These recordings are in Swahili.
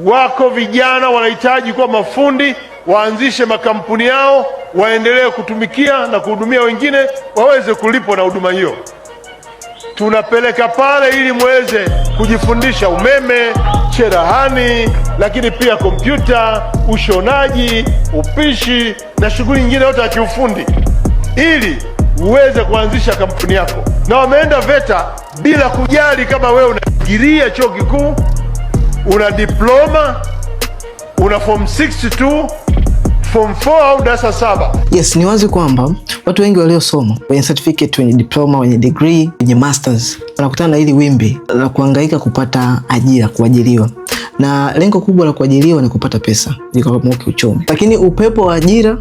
wako vijana wanahitaji kuwa mafundi, waanzishe makampuni yao, waendelee kutumikia na kuhudumia wengine, waweze kulipwa na huduma hiyo. Tunapeleka pale ili muweze kujifundisha umeme, cherahani lakini pia kompyuta, ushonaji, upishi na shughuli nyingine yote ya kiufundi, ili uweze kuanzisha kampuni yako. Na wameenda VETA bila kujali kama wewe unajiria chuo kikuu una diploma, una form 6 tu, form 4 au darasa saba. Yes, ni wazi kwamba watu wengi waliosoma wenye certificate, wenye diploma, wenye degree, wenye masters wanakutana na hili wimbi la kuhangaika kupata ajira, kuajiriwa na lengo kubwa la kuajiriwa ni kupata pesa, ni jikaamua kiuchumi, lakini upepo wa ajira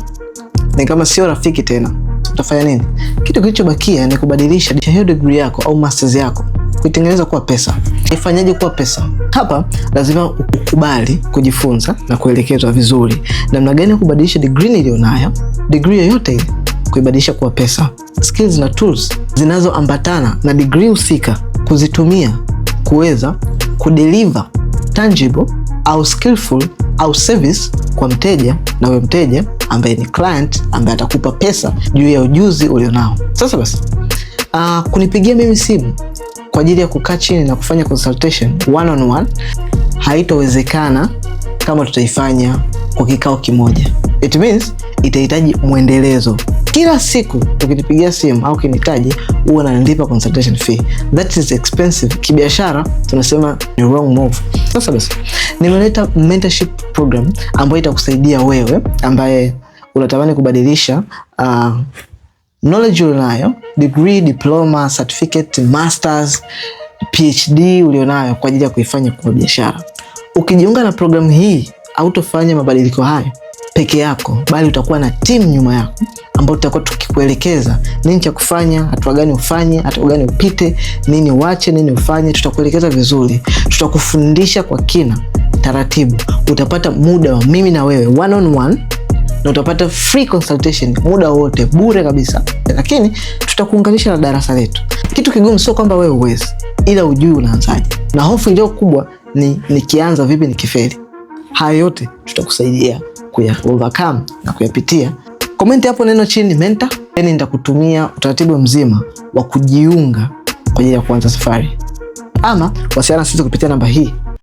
ni kama sio rafiki tena. Utafanya nini? Kitu kilichobakia ni kubadilisha hiyo degree yako au masters yako kuitengeneza kuwa pesa. Ifanyaje kuwa pesa? Hapa lazima ukubali kujifunza na kuelekezwa vizuri namna gani ya kubadilisha degree niliyonayo, degree yoyote ile, kuibadilisha kuwa pesa. Skills na tools zinazoambatana na degree husika kuzitumia kuweza kudeliver tangible au skillful au service kwa mteja na huyo mteja ambaye ni client ambaye atakupa pesa juu ya ujuzi ulionao. Sasa basi, uh, kunipigia mimi simu kwa ajili ya kukaa chini na kufanya consultation one on one haitowezekana kama tutaifanya kwa kikao kimoja. It means itahitaji mwendelezo kila siku ukinipigia simu au kinitaji huwa unanilipa consultation fee. That is expensive. Kibiashara tunasema ni wrong move. Sasa basi, nimeleta mentorship program ambayo itakusaidia wewe ambaye unatamani kubadilisha uh, knowledge ulionayo, degree, diploma, certificate, masters, PhD ulionayo kwa ajili ya kuifanya kuwa biashara. Ukijiunga na programu hii, hautofanya mabadiliko hayo peke yako, bali utakuwa na timu nyuma yako ambayo tutakuwa tukikuelekeza nini cha kufanya, hatua gani ufanye, hatua gani upite, nini uache, nini ufanye. Tutakuelekeza vizuri, tutakufundisha kwa kina taratibu. Utapata muda wa mimi na wewe one on one na utapata free consultation muda wote bure kabisa, lakini tutakuunganisha na darasa letu. Kitu kigumu sio kwamba wewe uwezi, ila ujui unaanzaje, na hofu iliyo kubwa ni nikianza vipi, nikifeli. Hayo yote tutakusaidia kuya overcome na kuyapitia. Komenti hapo neno chini mentor, yani nitakutumia utaratibu mzima wa kujiunga kwa ajili ya kuanza safari, ama wasiliana sisi kupitia namba hii.